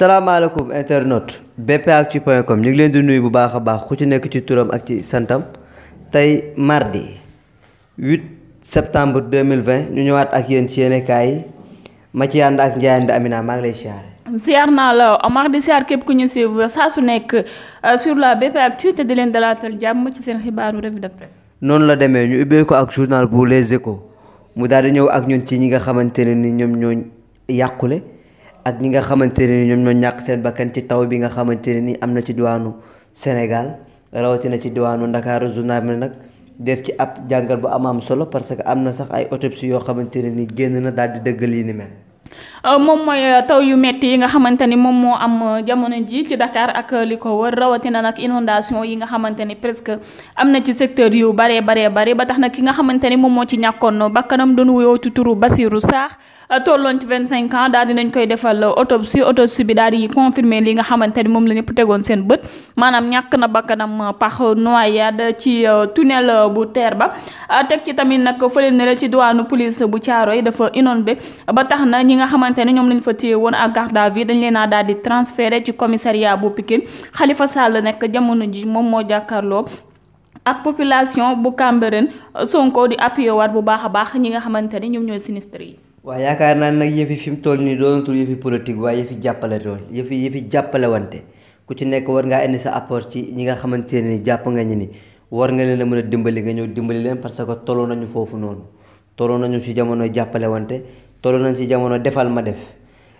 salaamaaleykum internaute bpactu.com ñu ngi leen di nuyu bu baax a baax ku ci nekk ci turam ak ci santam tey mardi 8 septembre 2020 ñu ñëwaat ak yéen ci yéenekaay yi ma ci ànd ak Ndiaye Amina maa ngi lay siyaare. siyaar naa la Omar di siyaar képp ku ñu suivre saa su nekk euh, sur la bpactu te di leen dalaatal jàmm ci seen xibaaru revue de presse. noonu la demee ñu ubbee ko ak journal bu Les Échos mu daal di ñëw ak ñun ci ñi nga xamante ne ni ñoom ñooñ yàqule. ak ñi nga xamante ne ni ñoom ñoo ñàkk seen bakkan ci taw bi nga xamante ne ni am na ci diwaanu Sénégal rawatina ci diwaanu Ndakaaru journal nag def ci ab jàngal bu am am solo parce que am na sax ay autopsie yoo xamante ne ni génn na daal di dëggal yi ni mel. Euh, moom mooy euh, taw yu metti yi nga xamante ni moom moo am euh, jamono ji ci dakaar ak li ko wër rawatina nag inondation yi nga xamante ni presque am na ci secteur yu bare baree bari ba tax na ki nga xamante ni moom moo ci ñàkkoon bakkanam doon wuyoo ci turu Basirou Saax tolloon ci 25 ans daal dinañ koy defal autopsie autopsie bi daal di confirmer li nga xamante ni moom la ñëpp tegoon seen bët maanaam ñàkk na bakkanam par noyade ci tunnel bu teer ba teg ci tamit nag fële ne ci diwaanu police bu caaro yi dafa inondé ba tax na ñi nga xamante ne ñoom lañ fa téye woon ak garde à vue dañ leen a daal di transféré ci commissariat bu Pikine Khalifa Sall nekk jamono ji moom moo jàkkaarloo ak population bu Cambérène Sonko di appuyé waat bu baax a baax ñi nga xamante ne ñoom ñooy sinistre yi. waaw yaakaar naa nag yëfi fi mu toll nii doonatul yëfi politique waaye yëfi jàppale tool yëfi yëfi jàppale wante ku ci nekk war ngaa indi sa apport ci ñi nga xamante ne nii jàpp nga ñu ni war nga leen a mën a dimbali nga ñëw dimbali leen parce que tolloo nañu foofu noonu tolloo nañu ci jamono jàppale wante. toll nañ ci jamono defal ma def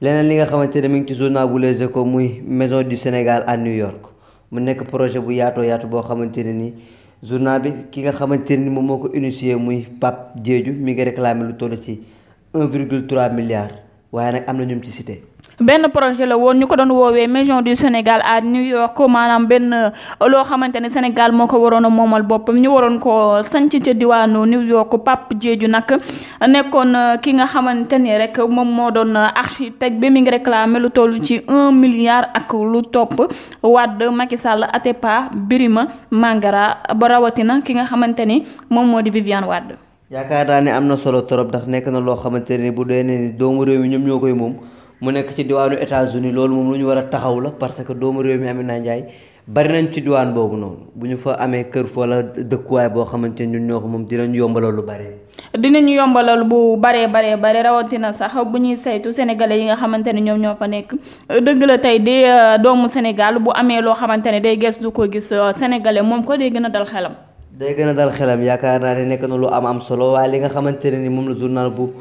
leneen li nga xamante ne mu ngi ci journal bu Les Échos muy maison du Sénégal à New York mu nekk projet bu yaatoo yaatu boo xamante ne ni journal bi ki nga xamante ne ni moom moo ko initié muy Pape jeeju mi ngi réclamé lu toll ci 1,3 milliard waaye nag am na ñum ci cité. benn projet la woon ñu ko doon woowee maison du Sénégal à New York maanaam benn euh, loo xamante ne Sénégal moo ko waroon a moomal boppam ñu waroon ko sanc ca diwaanu New York Pape Diédhiou nag nekkoon euh, ki nga xamante ni rek moom moo doon euh, architecte bi mi ngi réclamé lu toll ci un milliard ak lu topp Wade Macky Sall Atepa Birima Mangara ba rawatina ki nga xamante ni moom moo di Viviane Wade. yaakaar naa ne am na solo trop ndax nekk na loo xamante ne bu dee doomu réew mi ñoom ñoo koy mu nekk ci diwaanu états uni loolu moom lu ñu war a taxaw la parce que doomu réew mi Amina Ndiaye bari nañ ci diwaan boobu noonu bu ñu fa amee kër fa la dëkkuwaay boo xamante ni ñun ñoo ko moom dinañ yombalal lu bare. dinañu yombalal bu baree baree bare rawatina sax bu ñuy saytu sénégalais yi nga xamante ne ñoom ñoo fa nekk dëgg la tey de euh, doomu Sénégal bu amee loo xamante ne day gës du ko gis euh, sénégalais moom ko day gën a dal xelam. day gën a dal xelam yaakaar naa ne nekk na lu am am solo waaye li nga xamante ne ni moom la journal bu.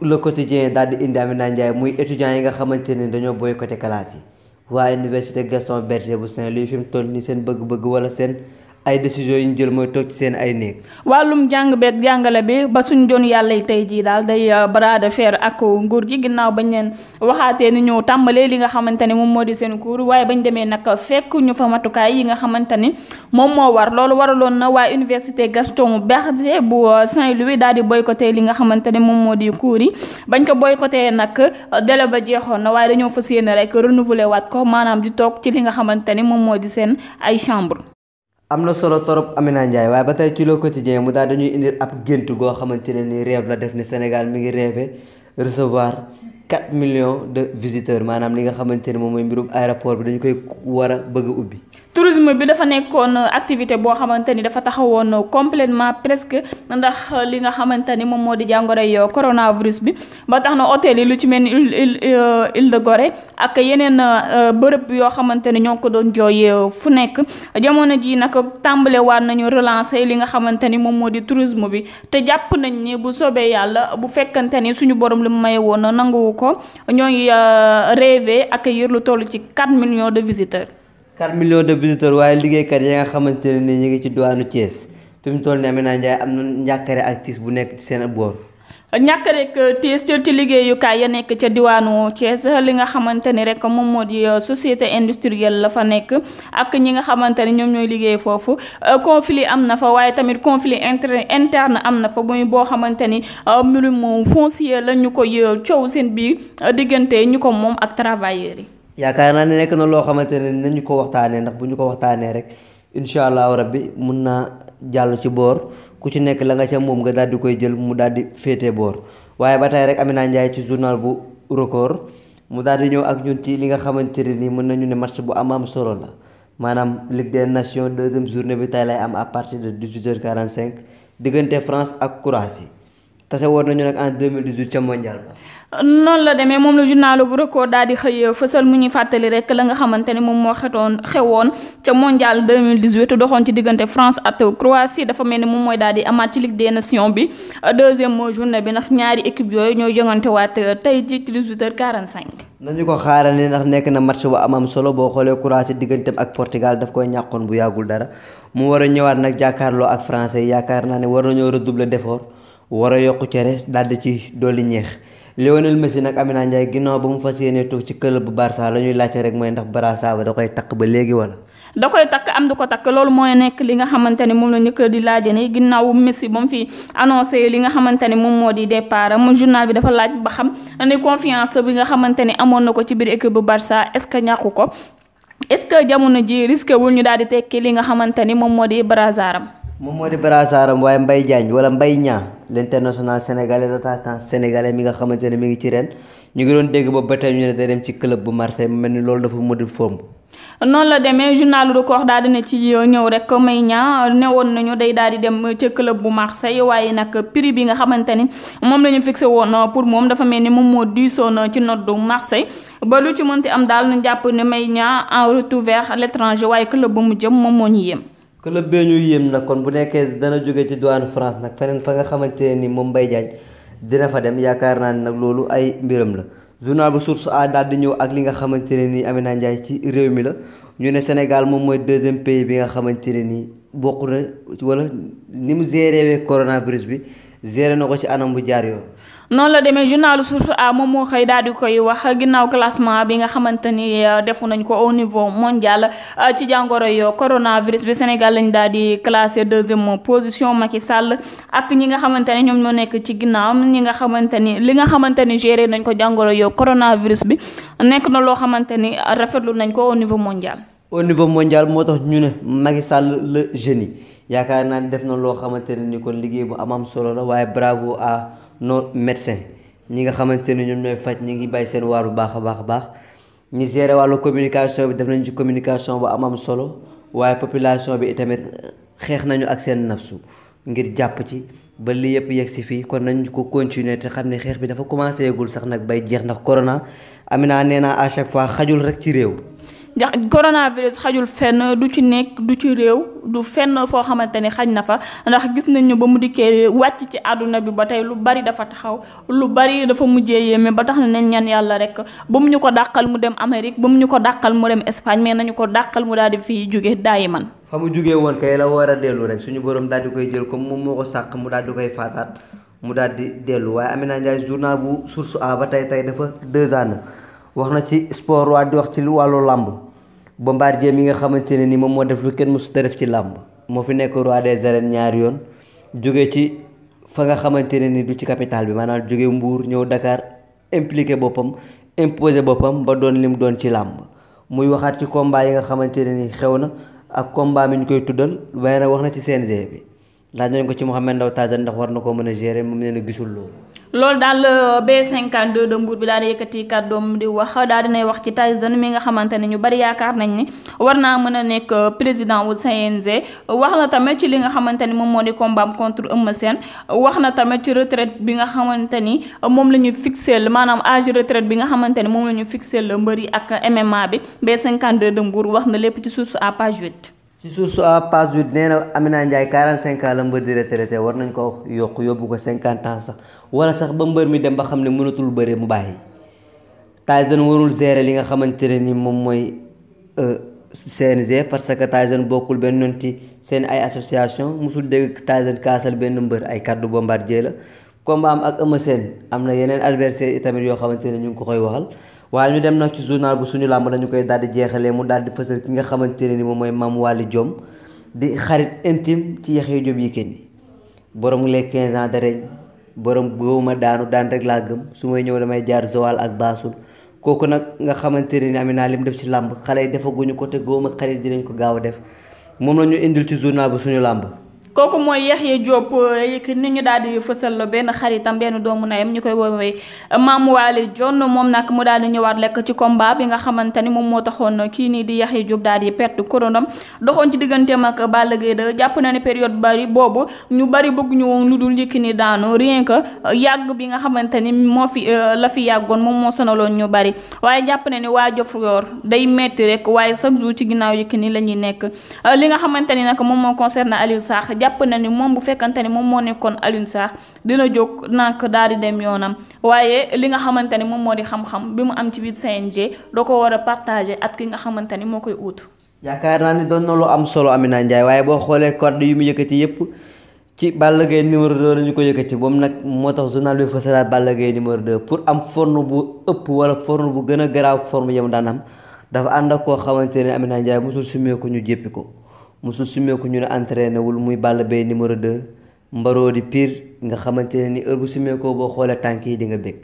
le quotidien daal di indi Amina Ndiaye muy étudiants yi nga xamante ne dañoo boycotté classe yi waa université Gaston Berger bu Saint-Louis fi mu toll nii seen bëgg-bëgg wala seen ay décision yi ñu jël mooy toog ci seen ay néeg. wàllum jàng beeg jàngale bi ba suñ doon yàlla yi tey jii daal day euh, baraada de fer ak nguur gi ginnaaw bañ leen waxaatee ni ñëw tàmbalee li nga xamante ne moom moo di seen cours bañ demee nag fekk ñu fa matukaay yi nga xamante ni moom moo war loolu waraloon na waa université Gaston Berger bu euh, Saint-Louis daal di boy boycotté li nga xamante ne moom moo di cours yi bañ ko boycotté nag euh, délai ba jeexoon na waaye dañoo fa yéene rek renouveler waat ko maanaam di toog ci li nga xamante ni moom moo di seen ay chambre am na solo torop Amina Ndiaye waaye ba tey ci Le Quotidien mu daal dañuy indi ab gént goo xamante ne ni rêve la def ni Sénégal mu ngi rêvé recevoir 4 millions de visiteurs maanaam li nga xamante moom bi dañu koy war a bëgg a ubbi. tourisme bi dafa nekkoon activité boo xamante ni dafa taxawoon li nga xamante ni moom moo di jàngoro yo coronavirus bi ba tax na hôtel yi lu ci mel ni Île de Gorée ak euh, yoo xamante ni ñoo ko doon jooy euh, fu nekk jamono ji nag tàmbale waat nañu relancer li nga xamante ni moom moo di bi te jàpp nañ ni bu soobee yàlla bu fekkante ni suñu borom li mu may woon nangu ko ñoo ngi euh, rêvé accueillir lu toll ci 4 million de visiteurs. 4 millions de visiteurs waaye liggéeykat yi nga xamante ne ni ñu ngi ci diwaanu Thiès fi mu toll nii Amina Ndiaye am na njàkkare ak tiis bu nekk ci seen boor. ñàkk rek euh, tiis ci liggéeyukaay ya nekk ca diwaanu Thiès li nga xamante ni rek moom moo di euh, société industrielle la fa nekk ak ñi nga xamante ni ñoom ñooy liggéey foofu euh, conflit am na fa waaye tamit conflit interne am na fa boo xamante ni mbirum foncier la ñu koy cow seen biir diggante ñu ko moom ak travailleurs yi. yaakaar naa ne nekk na loo xamante ne ñu ko waxtaanee ndax bu ñu ko waxtaanee rek incha allahu rabbi mun naa jàll ci boor. ku ci nekk la nga ca moom nga daal di koy jël mu daal di féete boor waaye ba tey rek Amina Ndiaye ci journal bu record mu daal ñëw ak ñun ci li nga xamante ne nii mën nañu ne match bu am am solo la maanaam Ligue des Nations deuxième journée bi tey lay am à partir de 18h45 diggante France ak Croatie tase woon nañu nag en 2018 ca mondial noonu la demee moom la journal record daal di xëy fësal mu ñuy fàttali rek la nga xamante ne moom moo xetoon xewoon ca mondial 2018 doxoon ci diggante France ak Croatie dafa mel ni moom mooy daal di amaat ci Ligue des Nations bi deuxième journée bi ndax ñaari équipe yooyu ñoo jongante waat tey jii ci 18h45. nañu ko xaarandi ndax nekk na match bu am am solo boo xoolee Croatie digganteem ak Portugal daf koy ñàkkoon bu yàggul dara mu war a ñëwaat nag jàkkaarloo ak français yaakaar naa ne war nañoo redoubler d'effort. war a yokku cere daal di ci dolli ñeex Lionel Messi nag Amina Ndiaye ginnaaw ba mu fas yéene toog ci club bu Barça la ñuy laajte rek mooy ndax Barça ba da koy takk ba léegi wala. da koy takk am du ko takk loolu mooy nekk li nga xamante ne moom la njëkk di laaje ni ginnaaw Messi ba mu fi annoncé li nga xamante ne moom moo di départ mu journal bi dafa laaj ba xam ne confiance bi nga xamante ne amoon na ko ci biir équipe bu Barça est-ce que ñàkku ko est-ce que jamono ji risque wul ñu daal di tekki li nga xamante ni moom moo di brasaram moom moo di brassaaram waaye Mbaye Diagne wala Mbaye Niang l'international sénégalais l'attaquant sénégalais mi nga xamante ne mi ngi ci ren ñu ngi doon dégg ba ba tey ñu ne day dem ci club bu Marseille mel ni loolu dafa mën fomb noonu la demee journal record daal dina ci ñëw rek may ña ne woon nañu day daal di dem ca club bu Marseille waaye nag prix bi nga xamante ni moom la ñu fixé woon pour moom dafa mel ni moom moo diisoon ci noddu Marseille ba lu ci mënti am daal jàpp ne may ña en retour vers l'étranger waaye club bu mu jëm moom moo ñu yem. club bee ñu yéem nag kon bu nekkee dana jóge ci douane France nag feneen fa nga xamante ne ni moom bay Diagne dina fa dem yaakaar naa ne nag loolu ay mbiram la journal bu source a daal di ñëw ak li nga xamante ne nii Amina Ndiaye ci réew mi la ñu ne Sénégal moom mooy deuxième pays bi nga xamante ne nii bokk na wala ni mu géré coronavirus bi géré na ko ci anam bu jaar yoon noonu la demee journalu Source A moom moo xëy daal di koy wax ginnaaw classement bi nga xamante ni euh, defu nañ ko au niveau mondial euh, ci jàngoro yo coronavirus bi Sénégal lañ daal di classé deuxième position Macky Sall ak ñi nga xamante ne ñoom ñoo nekk ci ginnaaw ñi nga xamante ni li nga xamante ni géré nañ ko jàngoro yo coronavirus bi nekk na loo xamante ni rafetlu nañ ko au niveau mondial. au niveau mondial moo tax ñu ne Macky Sall le génie yaakaar naa ni def na loo xamante ne ni kon liggéey bu amam solo la waaye bravo à nos médecins ñi nga xamante ne ñoom ñooy faj ñi ngi bàyyi seen waar bu baax a baax a baax ñu gérer wàllu communication bi def nañ ci communication bu am solo waaye population bi itamit xeex nañu ak seen nafsu ngir jàpp ci ba li yëpp yegg si fii kon nañ ko continuer te xam ne xeex bi dafa commencé gul sax nag bay jeex ndax corona Amina nee naa à chaque fois xajul rek ci réew. ndax coronavirus xajul fenn du ci nekk du ci réew du fenn foo xamante ni xaj na fa ndax gis nañu ba mu dikkee wàcc ci àdduna bi ba tey lu bari dafa taxaw lu bari dafa mujjee yéeme ba tax na nañ ñaan yàlla rek ba mu ñu ko dàqal mu dem Amérique ba mu ñu ko dàqal mu dem Espagne mais nañu ko dàqal mu daal di fii jóge daayi man fa mu jógee woon kay la war a dellu rek suñu borom daal di koy jël comme moom moo ko sàq mu daal di koy faataat mu daal di dellu waaye Amina Ndiaye journal bu source ba tey tey dafa deux ans wax na ci sport waa di wax ci wàllu làmb Bombardier mi nga xamante ne ni moom moo def lu kenn mësu def ci làmb moo fi nekk roi des arènes ñaari yoon jóge ci fa nga xamante ne ni du ci capital bi maanaam jóge mbuur ñëw Dakar impliqué boppam imposé boppam ba doon lim doon ci làmb muy waxaat ci combat yi nga xamante ne ni xew na ak combat mi ñu koy tuddal waaye nag wax na ci CNG bi laaj nañ ko ci Mouhamed Ndao Tadjane ndax war na koo mën a gérer moom nee gisul loolu. loolu daal euh, B52 de Mbour bi daal di yëkkati kàddoom di wax daal dinay wax ci Tyson mi nga xamante ne ñu bari yaakaar nañ ni war naa mën a nekk euh, président wu CNG wax na tamit ci li nga xamante ni moom moo di combat contre Eumeu Sène wax na tamit ci retraite bi nga xamante ni euh, moom la ñu fixé maanaam âge retraite bi nga xamante ni moom la ñu fixé mbër yi ak MMA bi B52 de Mbour wax na lépp ci source à page 8. ci suuf su à page huit nee na Amina Ndiaye quarante cinq ans la mbër di retraité war nañ ko yokk yóbbu ko cinquante ans sax wala sax ba mbër mi dem ba xam ne mënatul bëre mu bàyyi Tyson warul gérer li nga xamante ne ni moom mooy seen euh, CNG parce que Tyson bokkul benn yoon ci seen ay association mosul dégg Tyson kaasal benn mbër ay kàddu bombardier la combat am ak Eumeu Sène am na yeneen adversaire itamit yoo xamante ne ñu ngi ko koy waxal waaye ñu dem nag ci journal bu suñu làmb dañu koy daal di jeexalee mu daal di fësal ki nga xamante ne ni moom mooy Mame Waly Diom di xarit intime ci Yaxya Diop Yékini borom les 15 ans de règne borom gëwuma daanu daan rek laa gëm su may ñëw damay jaar Joal ak Baasul kooku nag nga xamante ne ni am naa lim def ci làmb xale yi defaguñu ko te gëwuma xarit dinañ ko gaaw a def moom la ñu indil ci journal bu suñu làmb. kooku mooy Yaxya Diop eh, Yékini ñu daal di fësal benn xaritam benn doomu nayam ñu koy woowee Mame Waly Dione moom nag mu daal di ñëwaat lekk ci combat bi nga xamante ni moom moo taxoon kii nii di Yaxya Diop daal di perte koronam doxoon ci digganteem ak Balla Gaye da na ne période bari boobu ñu bari bëgg ñu woon lu dul Yékini daanu rien que yàgg bi nga xamante ni moo fi euh, la fi yàggoon moom moo sonaloon ñu bari waaye jàpp na ne waa Diofior day metti rek waaye chaque jour ci ginnaaw Yékini la ñuy nekk euh, li nga xamante ni nag moom moo concerne Aliou Sakh jàpp na ni moom bu fekkante ni moom moo nekkoon Alioune Sarr dina jóg nak daal di dem yoonam waaye li nga xamante ni moom moo di xam-xam bi mu am ci biir CNG doo ko war a partage at ki nga xamante ni moo koy uutu. yaakaar naa ne doon na lu am solo Amina Ndiaye waaye boo xoolee corde yu mu yëkkati yëpp ci Balla Gaye numéro 2 la ñu ko yëkkati moom nag moo tax journal bi fësalaat Balla Gaye numéro 2 pour am forme bu ëpp wala forme bu gën a garaaw forme yam daan am dafa ànd koo xamante ne Amina Ndiaye mosul sumee ko ñu jéppi ko. mosul sumeeku ñu ne entraîné wul muy Balla Gaye numéro 2 mbaroo di pire nga xamante ne ni heure bu sumeekoo boo xoolee tànk yi di nga bëgg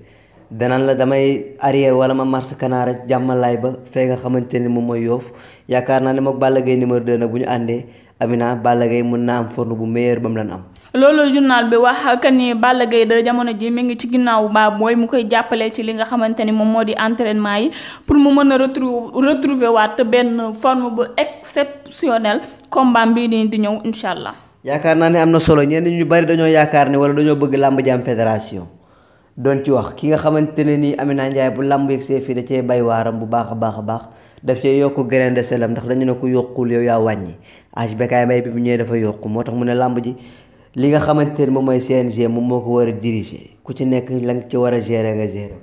danaan la damay arrière wala ma marche kanaara jàmmalaay ba fee nga xamante ne moom mooy yoof yaakaar naa ne mook Balla Gaye numéro 2 nag bu ñu àndee Amina Balla Gaye mën naa am forme bu meilleur ba mu daan am loolu journal bi wax que ni Balla Gaye de jamono ji mi ngi ci ginnaaw Baboy mooy mu koy jàppalee ci li nga xamante ni moom moo di entraînement yi pour mu mën a retrouver waat benn forme bu comme combat bii nii di ñëw incha allah. yaakaar naa ne am na solo ñenn ñu bari dañoo yaakaar ne wala dañoo bëgg làmb ji am fédération doon ci wax ki nga xamante ne nii naa Ndiaye bu làmb yegg see fii da cee bay waaram bu baax a baax a baax daf cee yokk grain de sel ndax dañu ne ko yokkul yow yaa wàññi âge békaay may bi bu ñëwee dafa yokk moo tax mu ne làmb ji. li nga xamante ne moom mooy CNG moom moo ko war a diriger ku ci nekk la nga ci war a gérer nga gérer.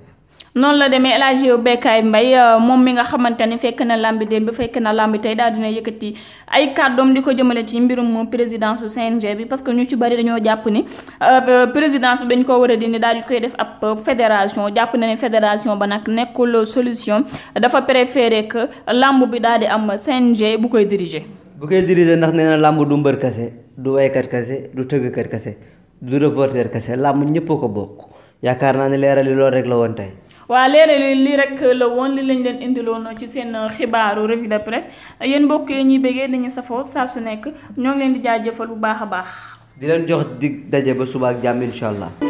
noonu la demee El Hadj Bekkaay Mbaye euh, moom mi nga xamante ni fekk na làmbi démb fekk na làmbi tey daal dina yëkkati ay kàddoom di ko jëmale ci mbirum présidence su CNG bi parce que ñu ci bari dañoo jàpp ni euh, euh, présidence bi dañ ko war a dindi daal di koy def ab fédération jàpp na ne fédération ba nag nekkul solution dafa préféré que làmb bi daal di am CNG bu koy diriger. bu koy diriger ndax nee na làmb du mbër kase du waykat kase du tëggkat kase du reporter kase làmb ñëpp ko bokk yaakaar naa ne leeral yi loolu rek la woon tey. waa leeral yi lii rek la woon li lañ leen indiloon ci seen xibaaru revue de presse yéen mbokk yi ñuy bëggee dañu safoo saa su nekk ñoo ngeen di di jëfal bu baax a baax. di leen jox dig daje ba suba ak jàmm incha